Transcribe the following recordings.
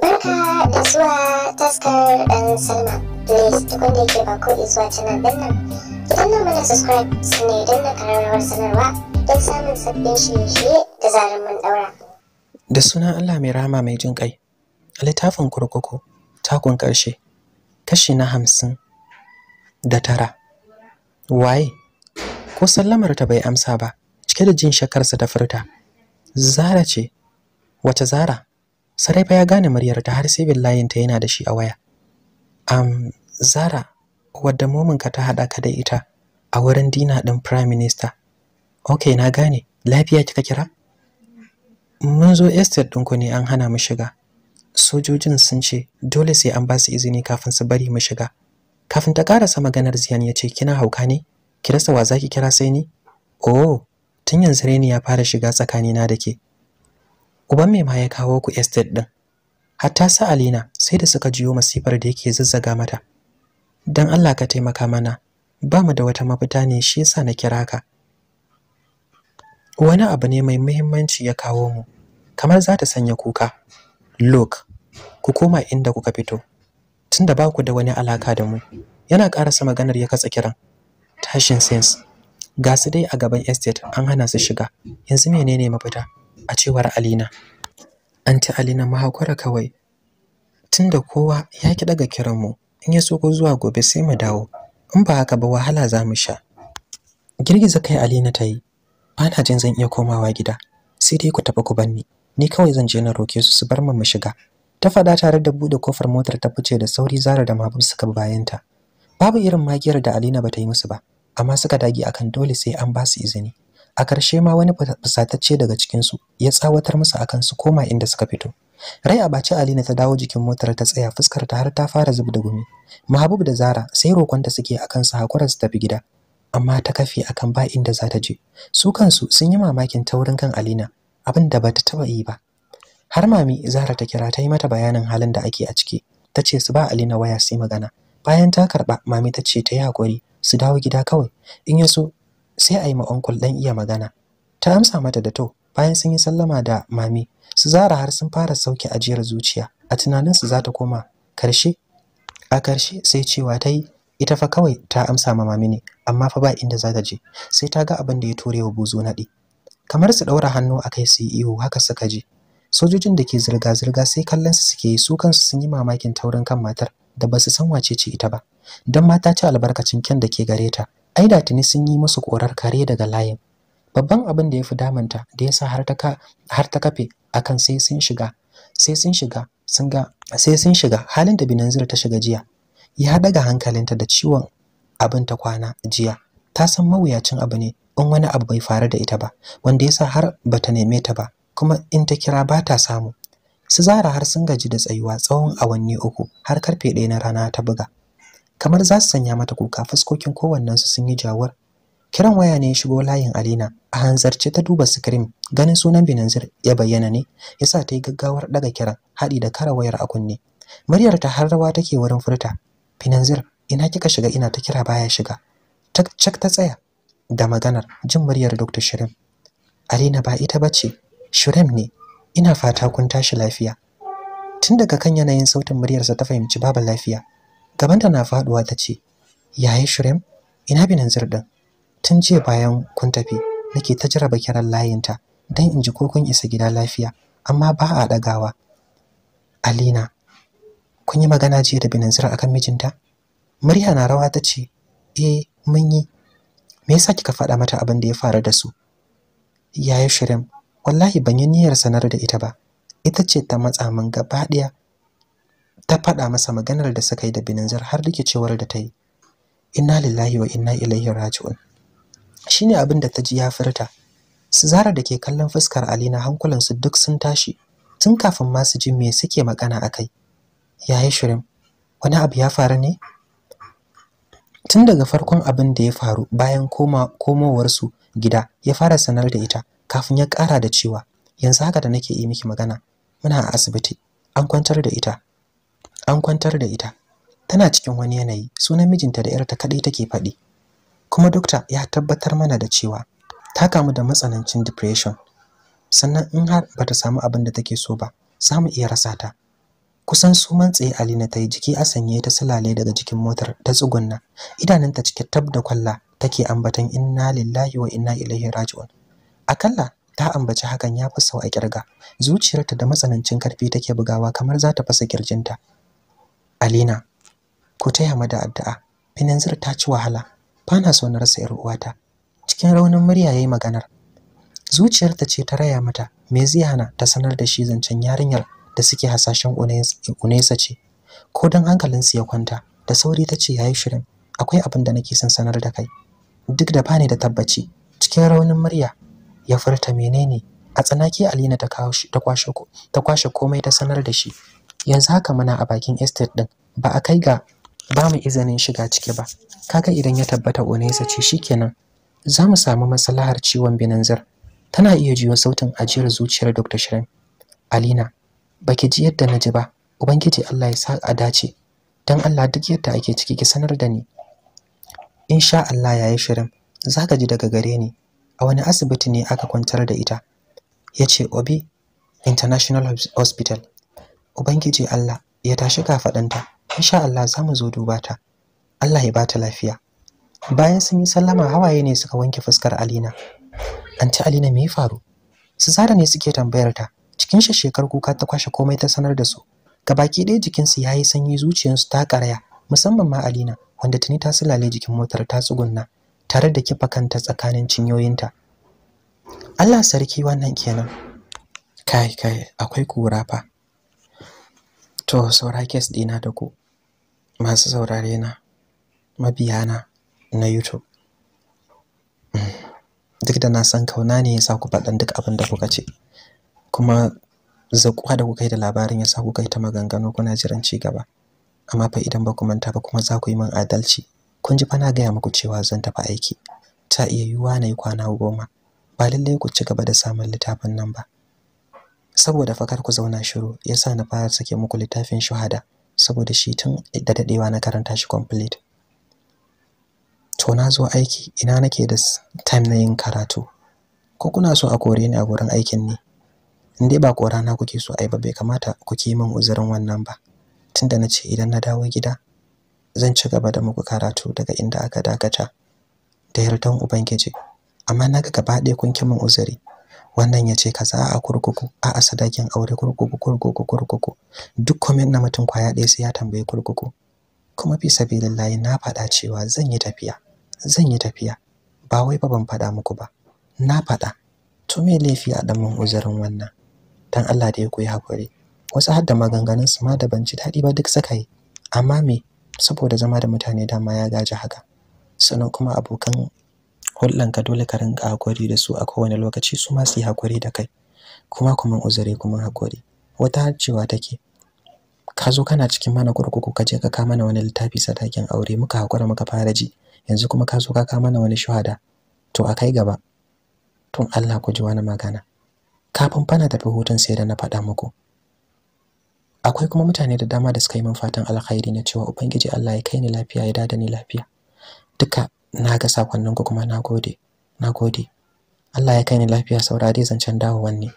Barka da zuwa taskar ɗan Salma. Please duk wanda yake ba ko subscribe sanarwa don samun sabbin shirye-shirye da Da sunan Allah mai rama mai jin ƙai. A littafin kurkuku, takun ƙarshe, kashi na hamsin da tara. waye ko sallamar ta bai amsa ba cike da jin shakarsa ta furta zara ce wata zara sarai ya gane muryarta, har sai billayin ta yana da shi a waya am zara wadda mominka ta hada ka da ita a wurin dina ɗin prime minister Ok, na gane lafiya kika kira mun zo estate ɗinku ne an hana mu shiga sojojin sun ce dole sai an ba su izini kafin su bari mu shiga kafin ta karasa maganar ziyan ya ce kina hauka ne ki rasa wa zaki kira sai ni oh tun yanzu reni ya fara shiga tsakanina da ke uban me ma ya kawo ku estate din hatta sa alina sai da suka jiyo masifar da yake zazzaga mata dan Allah ka taimaka mana ba mu da wata mafita ne shi yasa na kira ka wani abu ne mai muhimmanci ya kawo mu kamar za ta sanya kuka look ku koma inda kuka fito tunda ba ku da wani alaka da mu yana karasa maganar ya katsa kiran tashin sins. ga su dai a gaban estate an hana su shiga yanzu menene mafita a cewar alina anti alina mahakura kawai tunda kowa ya ki daga kiran mu in ya so ko zuwa gobe sai mu dawo in ba haka ba wahala za mu sha girgiza kai alina ta yi ba jin zan iya komawa gida sai dai ku tafi ku banni ni kawai zan je na roke su su bar mu mu shiga ta faɗa tare da buɗe kofar motar ta fice da sauri zara da mahabub suka bi bayanta babu irin magiyar da alina bata yi musu ba amma suka dage akan dole sai an basu izini a karshe ma wani fusatacce daga cikin su ya tsawatar musu akan su koma inda suka fito rai a baci alina ta dawo jikin motar ta tsaya fuskar ta har ta fara zub da gumi mahabub da zara sai rokonta suke akan su hakura su tafi gida amma ta kafe akan ba inda za ta je su kansu sun yi mamakin taurin kan alina abin da bata taba yi ba har mami Zahra ta kira ta yi mata bayanin halin da ake a ciki ta ce su ba Ali na waya sai magana bayan ta karba mami ta ce ta yi hakuri su dawo gida kawai in ya so sai a yi ma onkul dan iya magana ta amsa mata da to bayan sun yi sallama da mami su zara har sun fara sauke ajiyar zuciya a tunanin su za ta koma karshe a karshe sai cewa ta yi ita fa kawai ta amsa ma mami ne amma fa ba inda za ta je sai ta ga abin da ya ture wa buzo naɗi kamar su ɗaura hannu a kai su yi ihu, haka suka je sojojin da ke zirga-zirga sai kallon su suke yi su kansu sun yi mamakin taurin kan matar da ba su san wace ce ita ba don mata ci albarkacin kyan da ke gare ta ai da tuni sun yi musu korar kare daga layin babban abin da ya fi damanta da ya sa har ta kafe akan sai sun shiga sai sun shiga sun ga sai sun shiga halin da binanzir ta shiga jiya ya daga hankalinta da ciwon abin ta kwana jiya ta san mawuyacin abu ne in wani abu bai faru da ita ba wanda ya sa har bata neme ta ba kuma in ta kira ba ta samu su zara har sun gaji da tsayuwa tsawon awanni uku har karfe ɗaya na rana ta buga kamar za su sanya mata kuka fuskokin su sun yi jawar kiran waya ne ya shigo layin alina a hanzarce ta duba sikirim ganin sunan binanzir ya bayyana ne yasa ta yi gaggawar ɗaga kiran haɗi da kara wayar a kunne muryar ta har rawa take wurin furta binanzir ina kika shiga ina ta kira baya shiga cak ta tsaya da maganar jin muryar dr shirin alina ba ita ba ce. Shurem ne, ina fata kun tashi lafiya. Tun daga kan yanayin sautin muryarsa ta fahimci baba lafiya. Gabanta na faduwa ta ce, Yaye Shurem, ina binan zirɗin. Tun jiya bayan kun tafi, nake ta jira kiran layinta don in ji ko kun isa gida lafiya, amma ba a ɗagawa. Alina, kun yi magana jiya da Binanzir akan mijinta? Murya na rawa ta ce, E, mun yi. Me yasa kika faɗa mata abin da ya faru da su?" Yaya Shirim wallahi ban yi niyyar sanar da ita ba ita ce ta matsa min gaba ɗaya ta faɗa masa maganar da suka yi da bininzar har rikicewar da ta yi inna lillahi wa inna ilaihi raji'un shine abin da ta ji ya furta su zara da ke kallon fuskar alina hankulansu duk sun tashi tun kafin ma su ji me suke magana akai yayi shirin wani abu ya faru ne tun daga farkon abin da ya faru bayan komowarsu gida ya fara sanar da ita kafin ya ƙara da cewa yanzu haka da nake yi miki magana muna a asibiti an kwantar da ita an kwantar da ita tana cikin wani yanayi sunan mijinta da yarta kadai take faɗi kuma dokta ya tabbatar mana da cewa ta kamu da matsanancin depression sannan in har bata samu abin da take so ba za mu iya rasa ta kusan suman tsaye Alina ta yi jiki a sanye ta sulale daga cikin motar ta tsugunna idanunta cike tab da kwalla take ambatan inna lillahi wa inna ilaihi raji'un akalla ta ambaci hakan ya fi sau a kirga zuciyarta da matsanancin karfi take bugawa kamar za ta fasa kirjinta Alina ku taya mada addu'a Finanzir ta ci wahala bana so na rasa yar uwata cikin raunin murya yayi maganar zuciyarta ce ta raya mata me zai hana ta sanar da shi zancen yarinyar da suke hasashen Unesa ce. Ko don su ya kwanta, da sauri ta ce yayi shirin, akwai abin da nake son sanar da kai. Duk da bani da tabbaci, cikin raunin murya ya furta menene a tsanaki Alina ta kwashe ta kwashe komai ta sanar da shi. Yanzu haka muna a bakin estate din, ba a kai ga ba mu izinin shiga ciki ba. Kaga idan ya tabbata Unesa ce shikenan. Za mu samu maslahar ciwon Binanzar. Tana iya jiyo sautin ajiyar zuciyar Dr. Shirin. Alina, baki ji yadda na ji ba ubangiji Allah ya sa a dace dan Allah duk yadda ake ciki ki sanar da ni insha Allah yayi shirin zaka ji daga gare ni a wani asibiti ne aka kwantar da ita yace Obi International Hospital ubangiji Allah ya tashi kafadanta insha Allah zamu zo duba ta Allah ya bata lafiya bayan sun yi sallama hawaye ne suka wanke fuskar Alina anti Alina me ya faru su zara ne suke tambayar ta cikin shekar kuka ta kwashe komai ta sanar da su gabaki ɗaya jikinsu ya yi sanyi zuciyarsu ta karaya musamman ma alina wanda tuni ta sulale jikin motar ta tsugunna tare da kifa kanta tsakanin cinyoyinta allah sarki wannan kenan kai kai akwai kura fa to saura kes ɗina da ku masu saurare na mabiyana na youtube hmm. duk da na san kauna ne ya sa ku faɗan duk abin da kuka ce kuma zakuwa da kuka yi da labarin yasa kuka yi ta maganganu kuna jiran ci gaba amma fa idan ba ku manta ba kuma za ku yi min adalci kun ji fa na gaya muku cewa zan tafi aiki ta iya yiwuwa na yi kwana goma ba lallai ku ci gaba da samun littafin nan ba saboda fakar ku zauna shiru yasa na fara sake muku littafin shuhada saboda shi tun da dadewa na karanta shi complete to na zo aiki ina nake da time na yin karatu ko kuna so a kore ni a gurin aikin ne in dai ba rana kuke so ai ba bai kamata ku ki min uzurin wannan ba tunda na ce idan na dawo gida zan ci gaba da muku karatu daga inda aka dakata da yardan ubangiji amma naga gaba ɗaya kun ki min uzuri wannan ya ce kaza a kurkuku a a sadakin aure kurkuku kurkuku kurkuku duk komen na mutum kwaya ɗaya sai ya tambayi kurkuku kuma fi sabilillahi na faɗa cewa zan yi tafiya zan yi tafiya ba wai ba ban faɗa muku ba na faɗa to me laifi a ɗan uzurin wannan dan Allah da ya koyi hakuri wasu har da maganganun su ma da ban ji daɗi ba duk suka yi amma me saboda zama da mutane dama ya gaji haka sannan kuma abokan hulɗanka dole ka rinka hakuri da su a kowane lokaci su ma su yi hakuri da kai kuma kuma uzuri kuma hakuri wata har cewa take ka zo kana cikin mana kurkuku ka je ka ka mana wani littafi sadakin aure muka hakura muka fara ji yanzu kuma ka zo ka ka mana wani shuhada to a kai gaba tun Allah ku ji wani magana kafin fana tafi hutun sai da na faɗa muku akwai kuma mutane da dama da suka yi min fatan alkhairi na cewa ubangiji Allah ya kai ni lafiya ya dada ni lafiya duka na ga sakonnin ku kuma nagode nagode Allah ya kai ni lafiya saurare zancen dawowan ne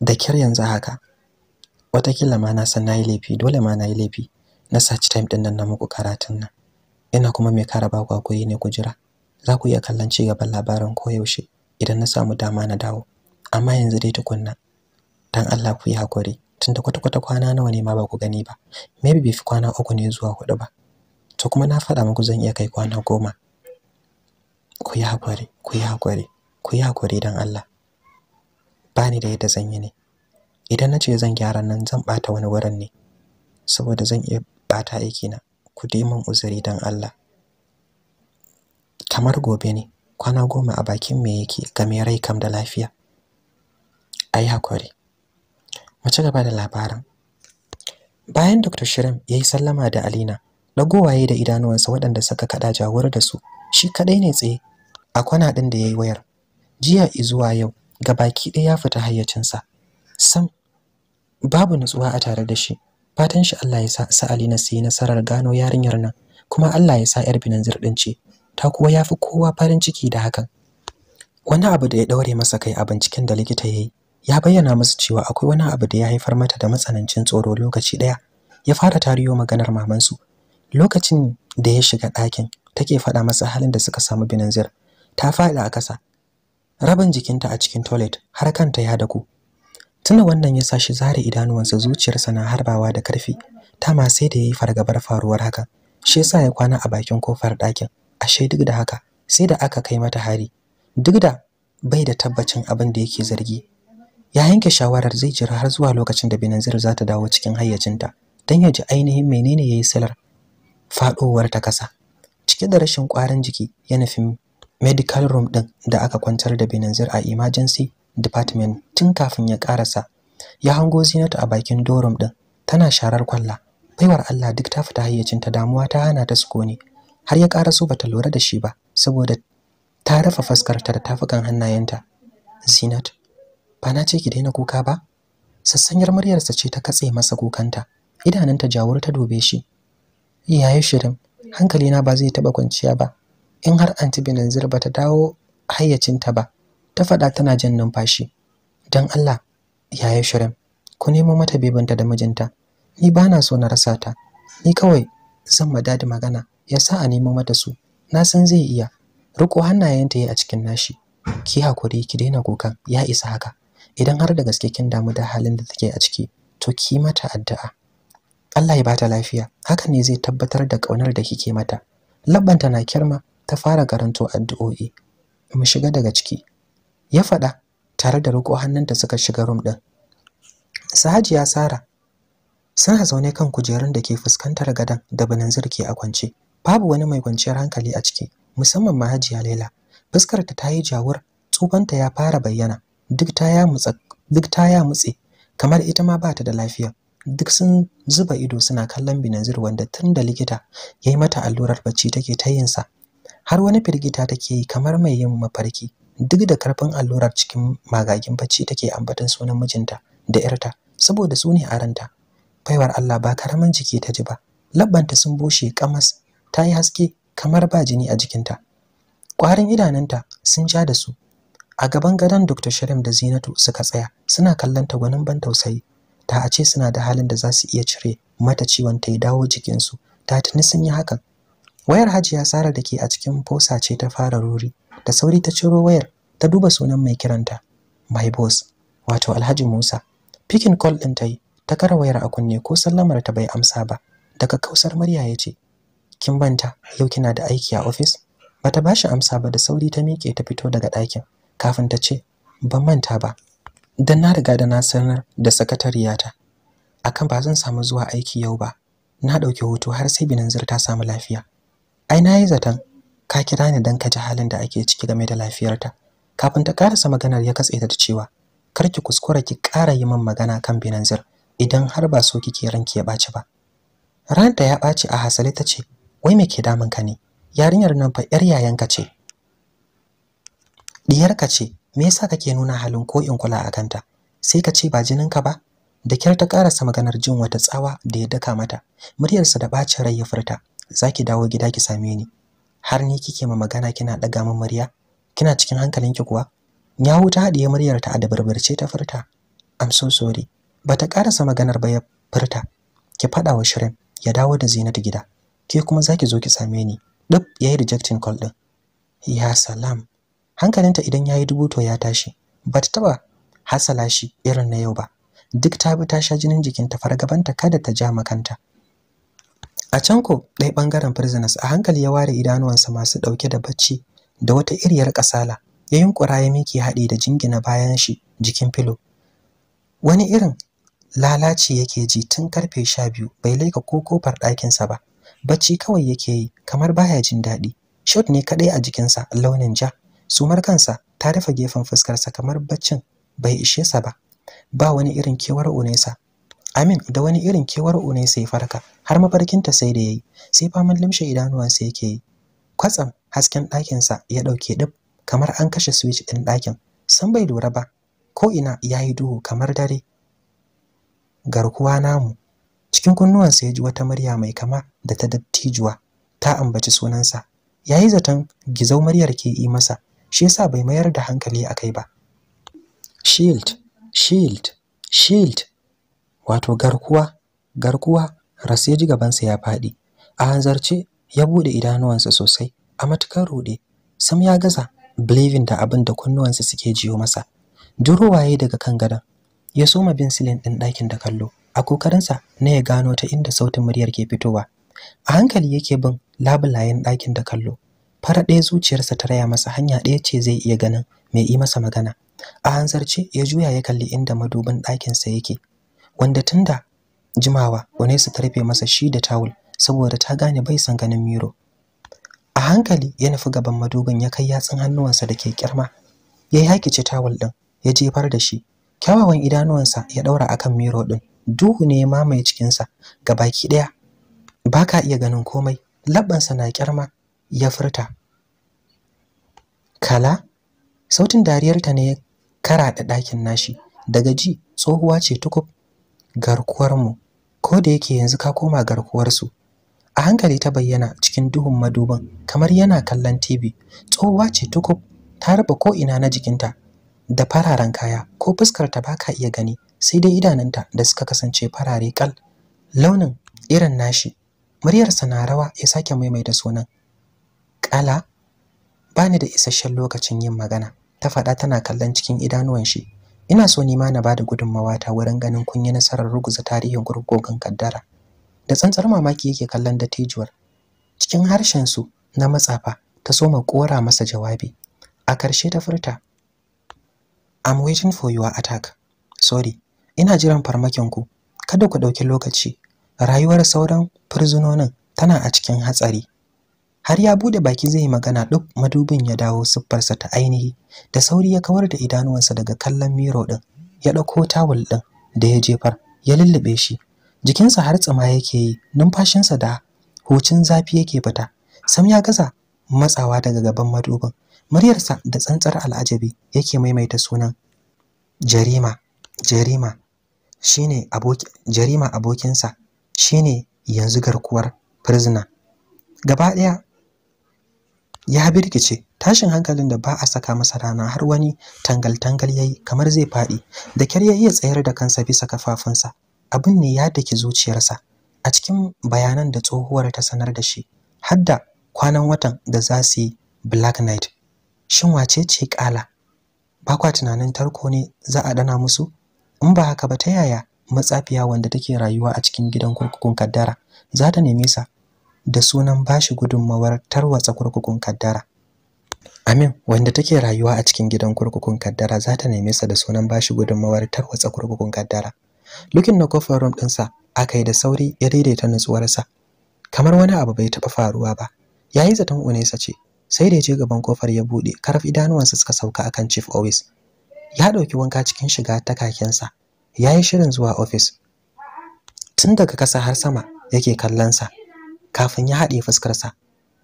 da kyar yanzu haka watakila ma na san na yi laifi dole ma na yi laifi na saci time din nan na muku karatun nan ina kuma mai kara ba ne ku jira za ku iya kallon ci gaban labarin koyaushe idan na samu dama na dawo amma yanzu dai tukunna dan Allah ku yi hakuri tunda kwata-kwata kwana nawa ne ma ba ku gani ba maybe bai fi kwana uku ne zuwa hudu ba to kuma na faɗa muku zan iya kai kwana goma ku yi hakuri ku yi hakuri ku yi hakuri dan Allah ba ni da yadda zan yi ne idan na ce zan gyara nan zan bata wani wurin ne saboda zan iya bata na, ku dai min uzuri dan Allah kamar gobe ne kwana goma a bakin me yake game rai kam da lafiya ai hakuri mu ci gaba da labarin bayan Dr. Shirin ya yi sallama da Alina ɗagowaye da idanuwansa waɗanda suka kaɗa jawar da su shi kaɗai ne tsaye a kwana ɗin da ya yi wayar jiya zuwa yau ga baki ɗaya ya fita hayyacinsa sam babu nutsuwa a tare da shi fatan shi Allah ya sa Alina su yi nasarar gano yarinyar nan kuma Allah ya sa yar binin zirɗin ce ta kuwa ya fi kowa farin ciki da hakan wani abu da ya ɗaure masa kai a binciken da likita ya yi ya bayyana musu cewa akwai wani abu da ya haifar mata da matsanancin tsoro lokaci ɗaya ya fara tariyo maganar mamansu lokacin da ya shiga ɗakin take faɗa masa halin da suka samu binanzir ta faɗi a ƙasa rabin jikinta a cikin toilet har kanta ya daku tuna wannan ya sa shi zare idanuwansa zuciyarsa na harbawa da karfi ta ma sai da ya yi fargabar faruwar haka shi ya sa ya kwana a bakin kofar ɗakin ashe duk da haka sai da aka kai mata hari duk da bai da tabbacin abin da yake zargi ya yanke shawarar zai jira har zuwa lokacin da binanzir za ta dawo cikin hayyacinta don ya ji ainihin menene ya yi salar faɗowar ta kasa cike da rashin ƙwarin jiki ya nufi medical room ɗin da aka kwantar da binanzir a emergency department tun kafin ya ƙarasa ya hango zinatu a bakin dorum ɗin tana sharar kwalla baiwar Allah duk ta fita hayyacinta damuwa ta hana ta su kone. har ya ƙara so bata lura da shi ba saboda ta rufe fuskarta da tafukan hannayenta Zinat ba na ce ki daina kuka ba sassanyar muryarsa ce ta katse masa kukanta idananta jawur ta dube shi iyaye shirin hankalina ba zai taɓa kwanciya ba in har anti Benazir ta dawo hayyacinta ba ta faɗa tana jan numfashi dan Allah yaya shirin ku nemo mata bibinta da mijinta ni ba na so na rasa ta ni kawai zan madadi magana ya sa a nemo mata su na san zai iya riko hannayenta yi a cikin nashi ki hakuri ki daina kukan ya isa haka idan har da gaske kin damu da halin da take a ciki to ki mata addu'a Allah ya bata lafiya Haka ne zai tabbatar da kaunar da kike mata labbanta na kirma ta fara garanto addu'o'i mu shiga daga ciki ya faɗa tare da riko hannunta suka shiga room din Sahajiya Sara suna zaune kan kujerun da ke fuskantar gadan da Bananzir ke a kwance babu wani mai kwanciyar hankali a ciki musamman ma hajiya laila fuskar ta yi jawur tsufanta ya fara bayyana duk ta ya mutse kamar ita ma bata da lafiya duk sun zuba ido suna kallon binazir wanda tun da likita ya yi mata allurar bacci take ta yinsa har wani firgita take yi kamar mai yin mafarki duk da karfin allurar cikin magagin bacci take ambaton sunan mijinta da yarta saboda su ne a ranta baiwar Allah ba karamin jiki ta ji ba labbanta sun bushe kamas ta yi haske kamar ba jini a jikinta ƙwarin idanunta sun ja da su a gaban gadon dr shirim da zinatu suka tsaya suna kallon ta gwanin ban tausayi ta a ce suna da halin da za su iya cire mata ciwon ta ya dawo jikinsu ta tuni sun yi hakan wayar hajiya sara da ke a cikin fosa ce ta fara ruri da sauri ta ciro wayar ta duba sunan mai kiranta my boss wato alhaji musa pikin call ɗin ta yi ta kara wayar a kunne ko sallamar ta bai amsa ba daga kausar murya ya ce kin banta yau kina da aiki a ofis bata bashi amsa ba da sauri ta miƙe ta fito daga ɗakin kafin ta ce ban manta ba dan na riga da na sanar da sakatariyata akan ba zan samu zuwa aiki yau ba na ɗauki hoto har sai binanzir ta samu lafiya ai na yi zaton ka kira ni dan ka ji halin da ake ciki game da lafiyarta kafin ta karasa maganar ya katse ta da cewa kar ki kuskura ki ƙara yi min magana kan binanzir idan har ba so kike ranki ya ɓaci ba ranta ya ɓaci a hasali ta ce wai me ke damun ka ne yarinyar nan fa yar yayanka ce diyarka ce me yasa kake nuna halin ko in kula a kanta sai ka ce ba jininka ba da kyar ta karasa maganar jin wata tsawa da ya daka mata muryarsa da bacin rai ya furta zaki dawo gida ki same ni har ni kike ma magana kina daga min murya kina cikin hankalinki kuwa nyawu ta hadiye muryar ta a dabarbarce ta furta i'm so sorry bata karasa maganar ba ya furta ki fada wa shirin ya dawo da zinatu gida ke kuma zaki zo ki same ni dab yayi rejecting call din ya salam hankalinta idan yayi dubu to ya tashi bata taba hasala shi irin na yau ba duk ta bi ta sha jinin jikinta fargabanta kada ta ja makanta a can ko ɗaya ɓangaren prisoners a hankali ya ware idanuwansa masu ɗauke da bacci da wata iriyar kasala ya yunkura ya miki haɗi da jingina bayan shi jikin filo wani irin lalaci yake ji tun karfe sha biyu bai laika ko kofar ɗakinsa ba bacci kawai yake yi kamar baya jin daɗi shot ne kaɗai a jikinsa launin ja sumar kansa ta rufe gefen fuskarsa kamar baccin bai ishe sa ba ba wani irin kewar unesa amin da wani irin kewar unesa ya farka har mafarkinta sai da yayi sai faman limshe idanuwansa yake yi kwatsam hasken ɗakinsa ya ɗauke ɗib kamar an kashe switch ɗin ɗakin san bai lura ba ko ina ya yi duhu kamar dare garkuwa namu cikin kunnuwansa ya ji wata murya mai kama da ta dattijuwa ta ambaci sunansa yayi zaton gizau muryar ke yi masa shi yasa bai mayar da hankali akai ba shield shield shield wato garkuwa garkuwa ji gabansa ya faɗi a hanzarce ya buɗe idanuwansa sosai a matukar rude sam ya gaza believing da abinda kunnuwansa suke jiyo masa waye daga kan gadon ya soma bin silin din ɗakin da kallo a kokarinsa na ya gano ta inda sautin muryar ke fitowa a hankali yake bin labulayen ɗakin da kallo fara ɗaya zuciyarsa ta raya masa hanya ɗaya ce zai iya ganin mai yi masa magana a hanzarce ya juya ya kalli inda madubin ɗakinsa yake wanda tun da jimawa wani su rufe masa shi da tawul saboda ta gane bai san ganin miro a hankali ya nufi gaban madubin ya kai yatsun hannuwansa da ke kirma. ya yakice tawul ɗin ya jefar da shi kyawawan idanuwansa ya daura akan miro din duhu ne ya mamaye cikinsa ga baki daya baka iya ganin komai labbansa na kyarma ya furta kala sautin dariyarta ne ya da ɗakin nashi daga ji tsohuwa ce tukub garkuwarmu ko da yake yanzu ka koma garkuwarsu a hankali ta bayyana cikin duhun maduban kamar yana kallon tv tsohuwa ce tukub ta raba ko'ina na jikinta da fararen kaya ko fuskarta ba ka iya gani sai dai idanunta da suka kasance farare kal launin irin nashi muryarsa na rawa ya sake maimaita sunan kala Bani da isasshen lokacin yin magana ta faɗa tana kallon cikin idanuwan shi ina so nima na bada gudunmawa ta wurin ganin kun yi nasarar ruguza tarihin gurgogon kaddara da tsantsar mamaki yake kallon dattijuwar cikin harshen su na matsafa ta soma kora masa jawabi a karshe ta furta I'm waiting for your attack. Sorry, ina jiran farmakin ku. Kada ku ɗauki lokaci. Rayuwar sauran fursunonin tana a cikin hatsari. Har ya bude baki zai magana duk madubin ya dawo siffarsa ta ainihi. Da sauri ya kawar da idanuwansa daga kallon miro din. Ya dauko tawul din da ya jefar, ya lullube shi. Jikinsa har tsima yake yi, numfashinsa da hucin zafi yake fita. Sam ya gaza matsawa daga gaban madubin. muryarsa da tsantsar al'ajabi yake maimaita sunan jarima jarima shine abokin jarima abokinsa shine yanzu garkuwar prisoner gaba ɗaya ya birkice tashin hankalin da ba a saka masa rana har wani tangal-tangal ya yi kamar zai faɗi da kyar ya iya tsayar da kansa bisa kafafunsa abin ne ya daki zuciyarsa a cikin bayanan da tsohuwar ta sanar da shi Hadda kwanan watan da za su yi black night shin wace ce ƙala ba kwa tunanin tarko ne za a dana musu in ba haka ba ta yaya matsafiya wanda take rayuwa a cikin gidan kurkukun kaddara za ta neme sa da sunan bashi gudunmawar tarwatsa kurkukun kaddara Amin wanda take rayuwa a cikin gidan kurkukun kaddara za ta neme sa da sunan bashi gudunmawar tarwatsa kurkukun kaddara Lukin na kofar rum ɗinsa aka yi da sauri ya daidaita nutsuwarsa kamar wani abu bai taɓa faruwa ba yayi zaton unesa ce sai da ya je gaban kofar ya bude karaf idanuwansa suka sauka akan chief office ya dauki wanka cikin shiga ta kakensa ya yi shirin zuwa ofis tun daga kasa har sama yake kallonsa kafin ya haɗe fuskarsa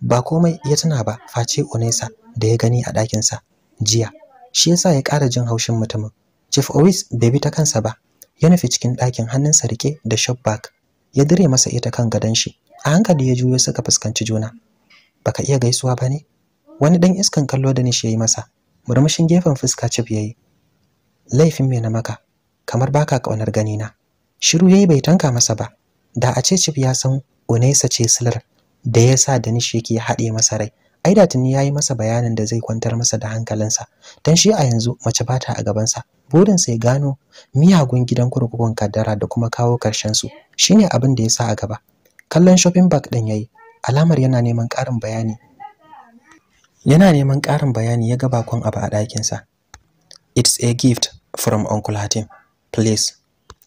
ba komai ya tuna ba face onesa da ya gani a ɗakinsa jiya shi yasa ya ƙara jin haushin mutumin chief owis bai bi ta kansa ba ya nufi cikin ɗakin hannunsa rike da shop back ya dire masa ita kan gadon shi a hankali ya juyo suka fuskanci juna baka iya gaisuwa ba ne wani dan iskan kallo da nishi yayi masa murmushin gefen fuska cif yayi laifin me na maka kamar baka kaunar gani na shiru yayi bai tanka masa ba da a ce cif ya san Unaisa ce silar da yasa da nishi yake hade masa rai ai da tuni yayi masa bayanin da zai kwantar masa da hankalinsa dan shi a yanzu mace bata a gabansa Burin sai gano miyagun gidan kurkukun kaddara da kuma kawo karshen su shine abin da yasa a gaba kallon shopping bag din yayi alamar yana neman ƙarin bayani yana neman ƙarin bayani ya ga bakon abu a ɗakinsa it's a gift from uncle hatim please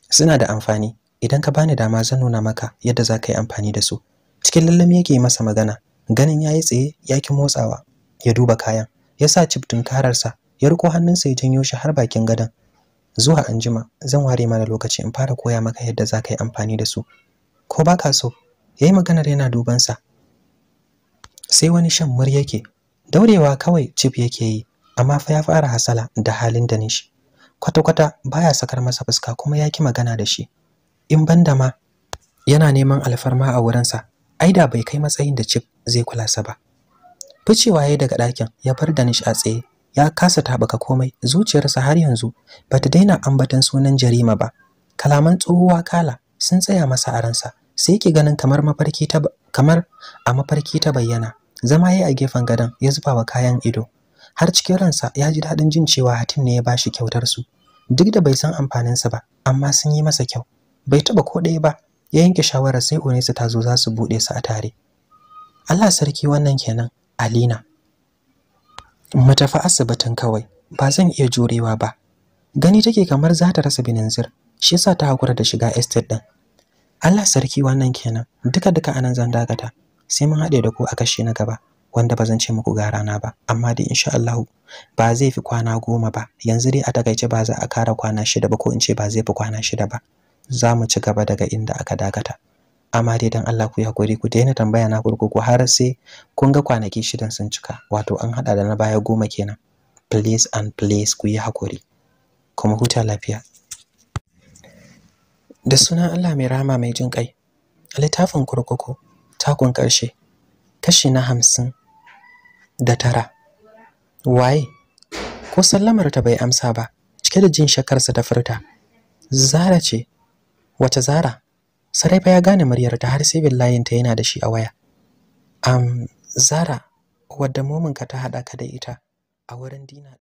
suna da amfani idan ka bani dama zan nuna maka yadda za ka yi amfani da su cikin lallami yake masa magana ganin ya yi tsaye ya ki motsawa ya duba kayan ya sa cif kararsa ya riko hannunsa ya janyo shi har bakin gadon zuwa anjima zan ware mana lokaci in fara koya maka yadda za ka yi amfani da su ko ba ka so ya yi maganar yana dubansa sai wani shan mur yake daurewa kawai cif yake yi amma fa ya fara hasala da halin da nishi kwata-kwata baya sakar masa fuska kuma ya ki magana da shi in banda ma yana neman alfarma a wurinsa ai da bai kai matsayin da cif zai kula sa ba ficewa yayi daga ɗakin ya bar da nishi a tsaye ya kasa taɓuka komai zuciyarsa har yanzu bata daina ambaton sunan jarima ba kalaman tsohuwa kala sun tsaya masa a ransa sai ki ganin kamar mafarki ta kamar a mafarki ta bayyana zama yayi a gefen gadon ya zuba wa kayan ido har cikin ransa ya ji daɗin jin cewa hatin ne ya bashi kyautar su duk da bai san amfanin sa ba amma sun yi masa kyau bai taba ko ɗaya ba ya yanke shawara sai Onesa ta zo za su buɗe su a tare Allah sarki wannan kenan Alina mu tafi asibitin kawai ba zan iya jurewa ba gani take kamar za ta rasa binin zir, shi yasa ta hakura da shiga estate din Allah sarki wannan kenan duka duka anan zan dakata sai mun haɗe da ku a kashe na gaba wanda ba zan ce muku ga rana ba amma dai insha Allah ba zai fi kwana goma ba yanzu dai a takaice ba za a kara kwana shida ba ko in ce ba zai fi kwana shida ba za mu ci gaba daga inda aka dakata amma dai dan Allah ku hakuri ku daina tambaya na kurkuku har sai kun ga kwanaki shidan sun cika wato an hada da na baya goma kenan please and please ku yi hakuri kuma huta lafiya da sunan Allah mai rama mai jin ƙai littafin kurkuku takun ƙarshe kashi na hamsin da tara waye ko sallamar ta bai amsa ba cike da jin shakarsa ta furta zara ce wata zara sarai fa ya gane muryar ta har sai billahin ta yana da shi a waya am zara wadda mominka ta haɗa ka da ita a wurin dina